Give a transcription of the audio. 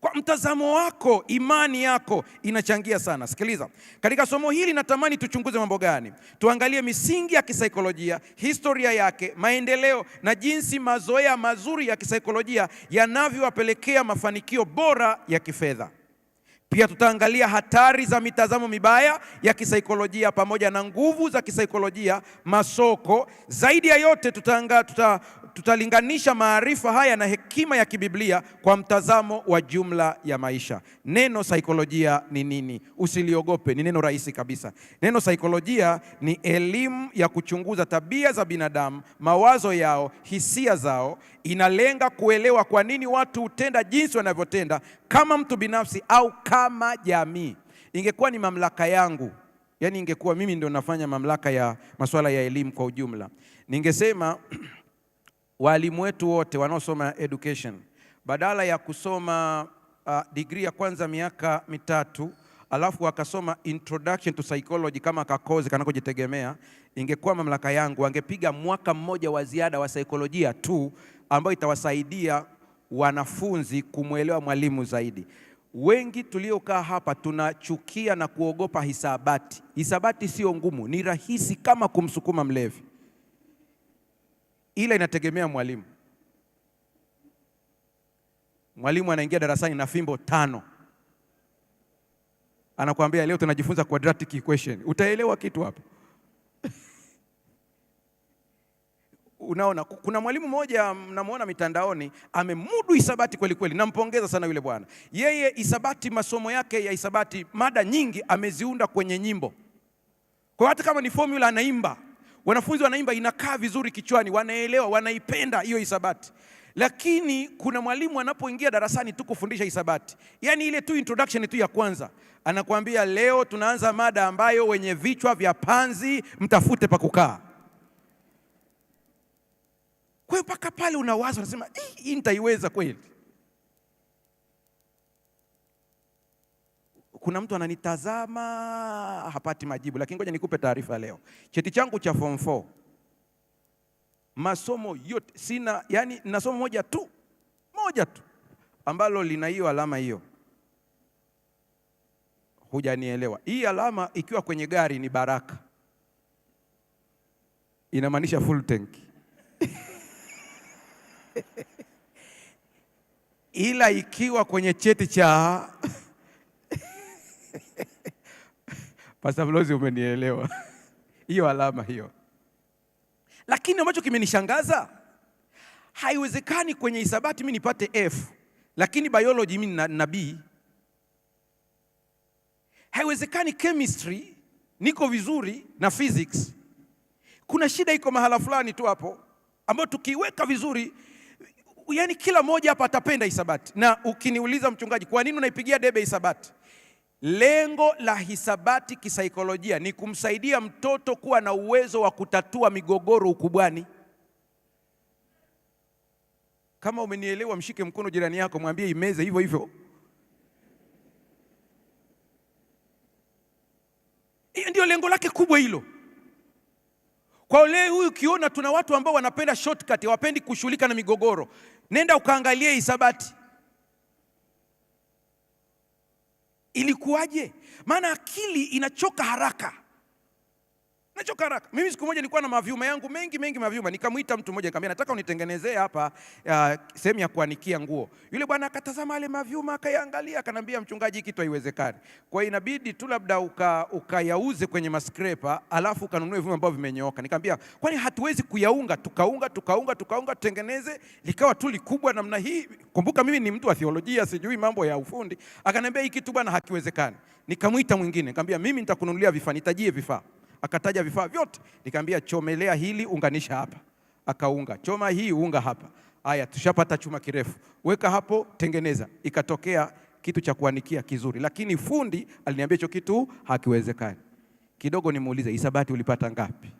Kwa mtazamo wako, imani yako inachangia sana. Sikiliza, katika somo hili natamani tuchunguze mambo gani? Tuangalie misingi ya kisaikolojia, historia yake, maendeleo na jinsi mazoea mazuri ya kisaikolojia yanavyowapelekea mafanikio bora ya kifedha. Pia tutaangalia hatari za mitazamo mibaya ya kisaikolojia pamoja na nguvu za kisaikolojia, masoko. Zaidi ya yote, tutaangalia tuta, tutalinganisha maarifa haya na hekima ya kibiblia kwa mtazamo wa jumla ya maisha. Neno saikolojia ni nini? Usiliogope, ni neno rahisi kabisa. Neno saikolojia ni elimu ya kuchunguza tabia za binadamu, mawazo yao, hisia zao. Inalenga kuelewa kwa nini watu hutenda jinsi wanavyotenda, kama mtu binafsi au kama jamii. Ingekuwa ni mamlaka yangu yaani ingekuwa mimi ndio nafanya mamlaka ya masuala ya elimu kwa ujumla, ningesema walimu wetu wote wanaosoma education badala ya kusoma uh, degree ya kwanza miaka mitatu alafu wakasoma introduction to psychology kama kakozi kanakojitegemea, ingekuwa mamlaka yangu, wangepiga mwaka mmoja wa ziada wa saikolojia tu, ambayo itawasaidia wanafunzi kumwelewa mwalimu zaidi. Wengi tuliokaa hapa tunachukia na kuogopa hisabati. Hisabati sio ngumu, ni rahisi kama kumsukuma mlevi ila inategemea mwalimu. Mwalimu anaingia darasani na fimbo tano, anakuambia leo tunajifunza quadratic equation, utaelewa kitu hapo? Unaona, kuna mwalimu mmoja mnamwona mitandaoni amemudu hisabati kweli kweli, nampongeza sana yule bwana. Yeye hisabati, masomo yake ya hisabati, mada nyingi ameziunda kwenye nyimbo, kwa hata kama ni formula anaimba Wanafunzi wanaimba, inakaa vizuri kichwani, wanaelewa, wanaipenda hiyo hisabati. Lakini kuna mwalimu anapoingia darasani tu kufundisha hisabati, yaani ile tu introduction tu ya kwanza, anakuambia leo tunaanza mada ambayo wenye vichwa vya panzi mtafute pa kukaa. Kwa hiyo mpaka pale unawaza, unasema eh, hii nitaiweza kweli? kuna mtu ananitazama hapati majibu, lakini ngoja nikupe taarifa leo. Cheti changu cha form 4 masomo yote sina, yani na somo moja tu moja tu ambalo lina hiyo alama hiyo. Hujanielewa? Hii alama ikiwa kwenye gari ni baraka, inamaanisha full tank ila ikiwa kwenye cheti cha Pastor umenielewa hiyo alama hiyo. Lakini ambacho kimenishangaza, haiwezekani kwenye hisabati mimi nipate F, lakini biology mimi na, na B. Haiwezekani chemistry niko vizuri na physics. Kuna shida iko mahala fulani tu hapo ambayo tukiweka vizuri yaani kila mmoja hapa atapenda hisabati. Na ukiniuliza mchungaji, kwa nini unaipigia debe hisabati? Lengo la hisabati kisaikolojia ni kumsaidia mtoto kuwa na uwezo wa kutatua migogoro ukubwani. Kama umenielewa, mshike mkono jirani yako, mwambie imeze hivyo hivyo. Hiyo ndio lengo lake kubwa hilo. Kwa leo huyu ukiona tuna watu ambao wanapenda shortcut, hawapendi kushughulika na migogoro, nenda ukaangalie hisabati Ilikuwaje? Maana akili inachoka haraka nachoka haraka. Mimi siku moja nilikuwa na mavyuma yangu mengi mengi mavyuma, nikamwita mtu mmoja nikamwambia, nataka unitengenezee hapa uh, sehemu ya kuanikia nguo. Yule bwana akatazama yale mavyuma akayaangalia, akanambia, mchungaji, kitu haiwezekani, kwa hiyo inabidi tu labda ukayauze uka kwenye maskrepa, alafu ukanunue vyuma ambavyo vimenyooka. Nikamwambia, kwani hatuwezi kuyaunga tukaunga tukaunga tukaunga tutengeneze likawa tu likubwa namna hii? Kumbuka mimi ni mtu wa theolojia, sijui mambo ya ufundi. Akaniambia, hiki kitu bwana hakiwezekani. Nikamwita mwingine nikamwambia, mimi nitakununulia vifaa, nitajie vifaa akataja vifaa vyote, nikaambia chomelea hili, unganisha hapa, akaunga. Choma hii, unga hapa. Haya, tushapata chuma kirefu, weka hapo, tengeneza. Ikatokea kitu cha kuanikia kizuri, lakini fundi aliniambia hicho kitu hakiwezekani. Kidogo nimuulize, hisabati ulipata ngapi?